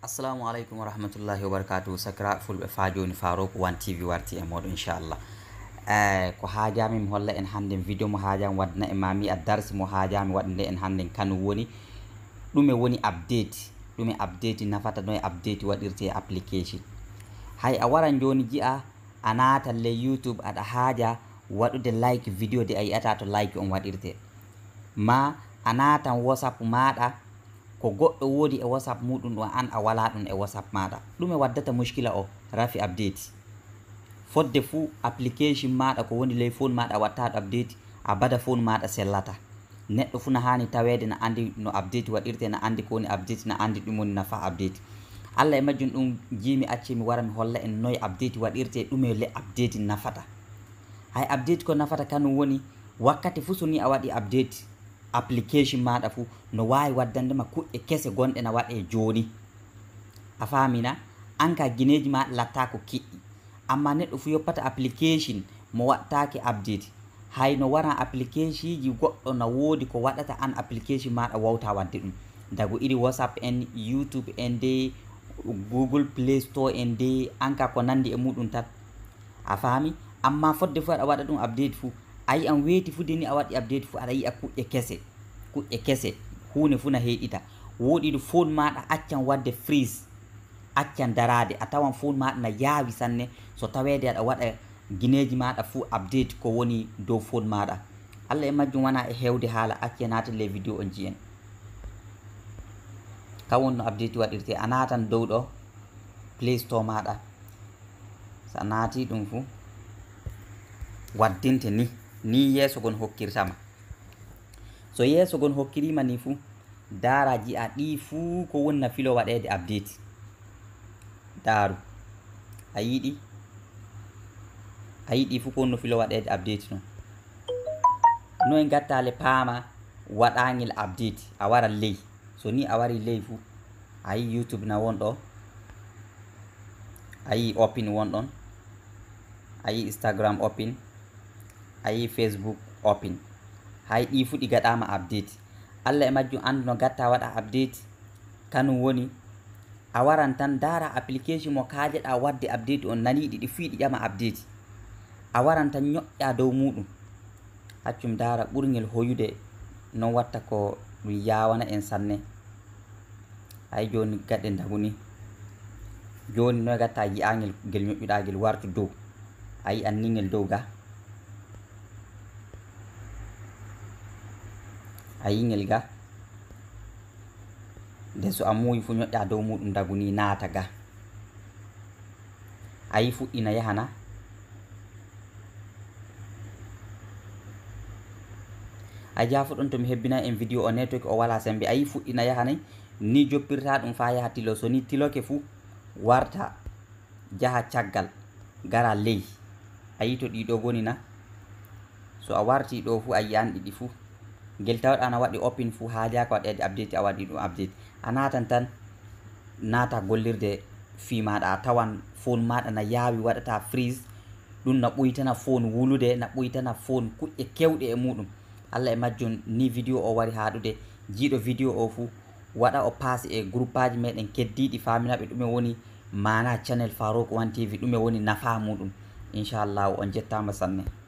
assalamu alaikum wa rahmatullahi wa barakatuhu sakra fajo ni faruk wan tv warti e moɗon inchallah eh ko haajami mi holla en hande video mo haajami wadna e mami a dars mo haajami wadnde en hande kan woni ɗume woni update ɗume update nafata no e update wadirte e application hay a waran joni ji'a a naata le youtube ada haaja wadude like video de a to like on wadirte ma anata whatsapp maɗa ko goɗɗo woodi e whatsapp muɗum ɗo an a wala ɗum e whatsapp maɗa ɗum e waddata muskila o rafi abdate fodde fuu application maɗa ko woni ley phone maɗa a watta ɗo abdate a bada phone maɗa sellata neɗɗo fuu na hani tawede na andi no abdate waɗirte na andi kowoni abdate na andi ɗum woni nafa abdate allah e majjum ɗum jimi acci mi wara mi holla en noyi abdate waɗirte ɗume le abdate nafata hay abdate ko nafata kanum woni wakkati fuu so ni a waɗi abdate application maɗa fuu no wawi waddandema kuƴƴe kese gonɗe na waɗe joni a famina an ka guineji maɗa lattako kiɗɗi amma neɗɗo fuu yoppata application mo waɗtake abdite hay no wara application ji goɗɗo no wodi ko waɗata an application maɗa wawta wadde ɗum dago iri whatsapp en youtube en de google play store en de an ka ko nandi e muɗum tat a faami amma fodde fo aɗa waɗa ɗum abdite fuu a yiyan weeti fu deni a waɗi abdeti fu aɗa yiya kuƴƴe kese kuƴƴe kese hunde fu na heeɗita woɗi ɗo fon maɗa accan wadde frise accan darade a tawan fon maɗa na yaawi sanne so tawede aɗa waɗa guineji maɗa fu abdeti ko woni dow fon maɗa allah e majjum wona e hewde haala acce naata le vidéo o jiyen kam woni no abdeti waɗirte a naatan dow ɗo play store maɗa so a naati ɗum fu waddinte ni ni yeeso gon hokkirtama so yeeso gon hokkirima ni fuu daara jiya ɗi fuu ko wonna filo waɗede abdeti daaru a yiɗi a yiɗi fuu ko wonno filo waɗede abdeti noon noe gattale paama waɗagel abdeti a wara ley so ni a wari ley fuu a yi youtube na won ɗo a yi opin won ɗon a yi instagram opin a yi facebook open hay ɗi fuu ɗi gaɗama update allah e majjum andu no gatta waɗa update kanum woni a waran tan dara application mo kajeɗa wadde update on naniɗi ɗi fuu ɗi ƴama update a waran tan ñoƴƴa dow muɗum haccum dara ɓurgel hoyude non watta ko ɗum yawana en sanne hay joni gaɗe daguni joni noy gatta yiyagel guel ñoƴƴuɗagel wartu dow a yi anni gel dow ga ayingel ga so a muuyi fu ñoƴƴa ya, dow guni naata ga ayifu ina yahana a jafo ɗon tomi hebbina en video o network o wala sembe ayi fuɗɗina yahanayi ni joppirta dum fa ya tilo so ni tiloke fu warta jaha caggal gara ley ayito di do gonina so awarti do ɗo fuu di fu gel tawɗa ana waɗi opin fou haadiyako waɗede update a waɗi ɗum update a natan tan naata gollirde fi maɗa a tawan phone maɗa na yaawi waɗata freeze ɗum na ɓuytana phone wulude na ɓuytana phone kuƴƴe kewɗe e muɗum allah e majjum ni vidéo o wari haɗude jiiɗo vidéo o fou waɗa o passe e groupe aji meɗen keddiɗi faminaɓe ɗume woni mana channel farouk wan tv ɗume woni nafa muɗum inchallahu on jettama sanne